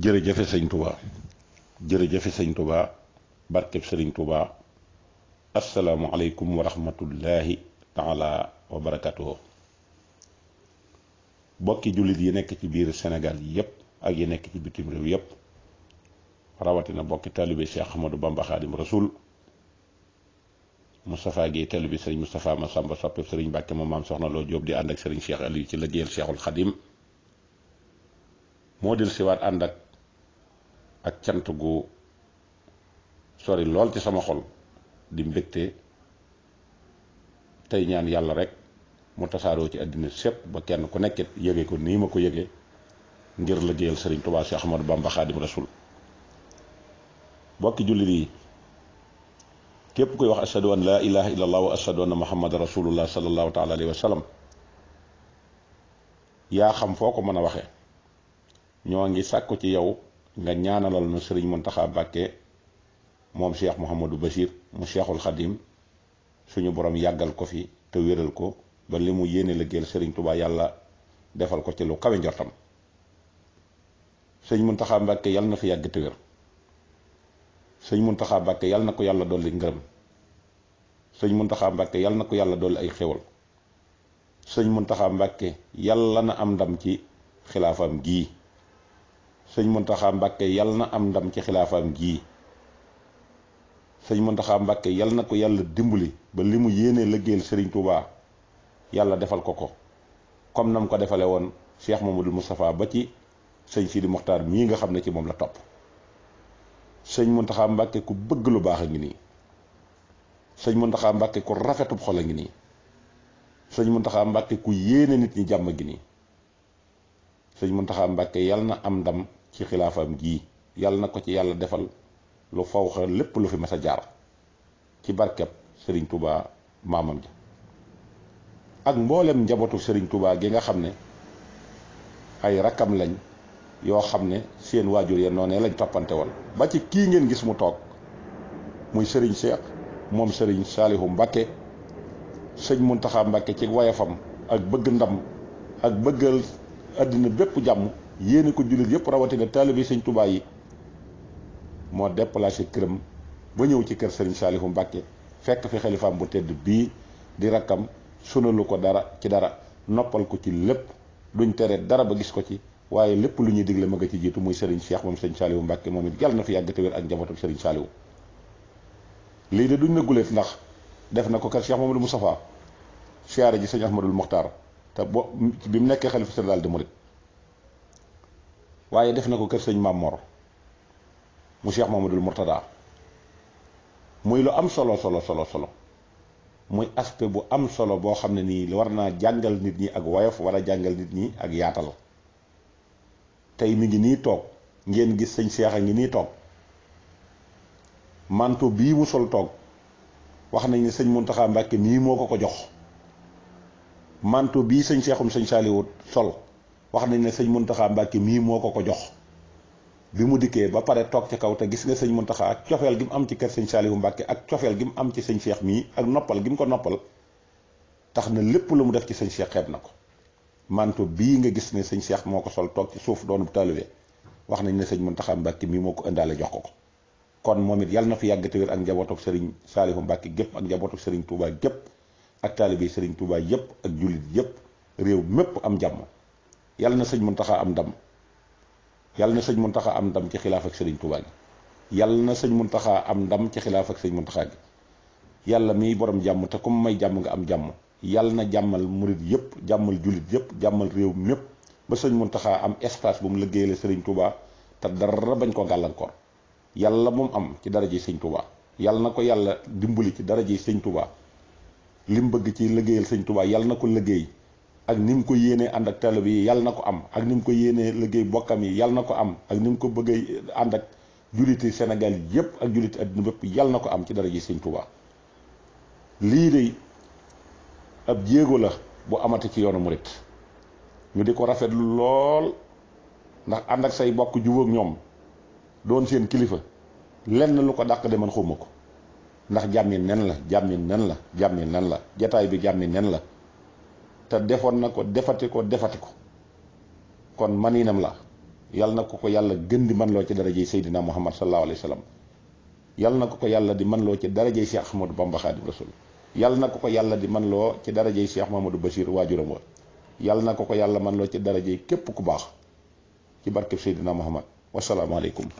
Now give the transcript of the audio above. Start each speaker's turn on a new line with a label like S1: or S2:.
S1: jërëjëfe sëñ Touba jërëjëfe sëñ tubaa barkeb sëriñ Touba asalaamualeykum wa rahmatullahi taala wa barakatuh bokki jullit yi nekk ci biir senegal yi yépp ak yi nekk ci bitim réew yépp rawatina bokki taalibe Cheikh Ahmadou Bamba Xaadim Rasul Moustapha Guèye taalibe sëriñ Moustapha Massamba soppeb sëriñ Mbàkke moom maam soxna loo Jóob di ànd ak sëriñ Cheikh Aliou ci liggéeyal Cheikhul Xadim moo del siwaat ànd ak ak cant gu sori lool ci sama xol di mbégte tey ñaan yàlla rek mu tasaaroo ci àddina sépp ba kenn ku nekkit yëge ko ni ma ko yëge ngir liggéeyal sëriñ Tuubaa si Ahmadu Bamba Xaadim Rasul bokki jullit yi képp kuy wax ashadu an laa ilaha illallah wa ashadu anna muhammad rasulullah sallallahu taala alayhi wa yaa xam foo ko mën a waxee ñoo ngi sàkku ci yow nga ñaanalal nu sëriñ Muntaxa Bàkke moom cheikh Mouhamadou Bachir mu seexul Xadim suñu boroom yàggal ko fi te wéral ko ba li mu yéene liggéeyal sëriñ Tuubaa yàlla defal ko ci lu kawe njortam sëñ Muntaxa Mbàkke yàlla na fi yàgg te wér sëñ Muntaxa Mbàkke yàlla na ko yàlla dolli ngërëm sëñ Muntaxa Mbàkke yàlla na ko yàlla dolli ay xéwal sëñ Muntaxa Mbàkke yàlla na am ndam ci xilaafam gii sëñ Muntaxa Mbàkke yal na am ndam ci xilaafaam gii sëñ Muntaxa Mbàkke yal na ko yàlla dimbali ba li mu yéenee lëggéeyal sëriñ Touba yàlla defal ko ko comme nam ko defale woon Cheikh Mamadou Moustapha ba ci sëñ Sidi Mokhtar mii nga xam ne ci moom la topp sëñ Muntaxa Mbàkke ku bëgg lu baax a ngi nii sëñ Muntaxa Mbàkke ku rafetub xol a ngi nii sëñ Muntaxa Mbàkke ku yéene nit ñi jàmm gi nii sëñ Muntaxa Mbàkke yal na am ndam ci xilaafam gii yàlla na ko ci yàlla defal lu faw lépp lu fi mas a jaar ci barkeb sëriñ tubaa maamam ja ak mboolem njabootu sëriñ tubaa gi nga xam ne ay rakkam lañ yoo xam ne seen waajur ya noonee lañ toppante woon ba ci kii ngeen gis mu toog muy sëriñ Seex moom sëriñ Saalihu Mbàkke sëñ Muntaxa Mbàkke ci wayafam ak bëgg ndam ak bëggal àddina bépp jàmm yéene ko jullit yëpp rawatina taalibe sëñ Tuubaa yi moo déplacé këram ba ñëw ci kër Serigne Saliou Mbacké fekk fi xalifaam bu tedd bii di rakkam sunalu ko dara ci dara noppal ko ci lépp duñ tere dara ba gis ko ci waaye lépp lu ñuy digle ma nga ci jiitu muy Serigne Cheikh moom Serigne Saliou Mbacké moom it yàlla na fi yàgg te wér ak njabootam Serigne Saliou lii de duñ na guleet ndax def na ko kër Cheikh mu Moustapha siyaare ji Serigne Ahmadul moxtaar te bo bi mu nekkee xalifa général des mourides waaye def na ko kër sëñ Maam Mor mu Cheikh Mamadul Mourtada muy lu am solo solo solo solo muy aspect bu am solo boo xam ne nii war naa jàngal nit ñi ak woyof war a jàngal nit ñi ak yaatal tey mi ngi nii toog ngeen gis sëñ Cheikh a ngi nii toog manto bii mu sol toog wax nañ ne sëñ Muntaxa Mbàkke mii moo ko ko jox manto bii sëñ Seexum sëñ Saaliwu sol wax nañ ne sëñ Muntaxa Mbàkke mii moo ko ko jox bi mu dikkee ba pare toog ci kaw te gis nga sëñ Muntaxa ak cofeel gi mu am ci kër sëñ Saalihu Mbàkke ak cofeel gi mu am ci sëñ mii ak noppal gi mu ko noppal tax na lépp lu mu def ci sëñ Cheikh xeeb na ko manto bii nga gis ne sëñ Cheikh moo ko sol toog ci suuf doonu taalibe wax nañ ne sëñ Muntaxa mbàkki mii moo ko ëndaale jox ko ko kon moom it yàlla na fi yàgg te wér ak njabootu sëriñ Saalihu Mbàkke gépp ak njabootu sëriñ Touba gépp ak taalibe sëriñ Touba yépp ak jullit yépp réew mépp am jàmm yàlla na sëñ mun Muntaxa am ndam yàlla na sëñ mun Muntaxa am ndam ci xilaaf ak sëriñ Tuubaa na sëñ Muntaxa am ndam ci xilaaf sëñ Muntaxa gi yàlla miy borom jàmm te comme may jàmm nga am jàmm yàlla na jàmmal murit yëpp jàmmal jullit yëpp jàmmal réew mépp ba sëñ mun Muntaxa am espace bu mu liggéeyale sëriñ Tuubaa te dara bañ ko gàllankoor yàlla moom am ci daraje sëñ Tuubaa yàlla na ko yàlla dimbali ci daraje sëñ Tuubaa lim bëgg ci liggéeyal sëñ Tuubaa yàlla na ko liggéey ak nim ko yéenee ànd ak taalibe yi yàlla na ko am ak ni ko yéenee liggéey bokkam yi yàlla na ko am ak ni mu ko bëggee ànd ak julliti Sénégal yépp ak julliti àdduna bépp yàlla na ko am ci dara ji Sëñ Tuubaa lii de ab jéego la bu amati ci yoonu murit ñu di ko rafetlu lool ndax ànd ak say bokk jubóog ñoom doon seen kilifa lenn lu ko dàq de man xawma ko ndax jàmmi nen la jàmmi nen la jàmmi nen la jataay bi jàmmi nen la te defoon na ko defati ko defati ko kon maniinam la yal na ko ko yàlla gën di man loo ci darajey Seydina Muhammad sallallahu alayhi wa sallam yal na ko ko yàlla di man loo ci darajey Cheikh Ahmadou Bamba Khadim Rasul yal na ko ko yàlla di man loo ci darajey Cheikh Mamadou Bachir waajuram wa yal na ko ko yàlla man loo ci darajey képp ku baax ci barkeb Seydina Muhammad wasalaamualeykum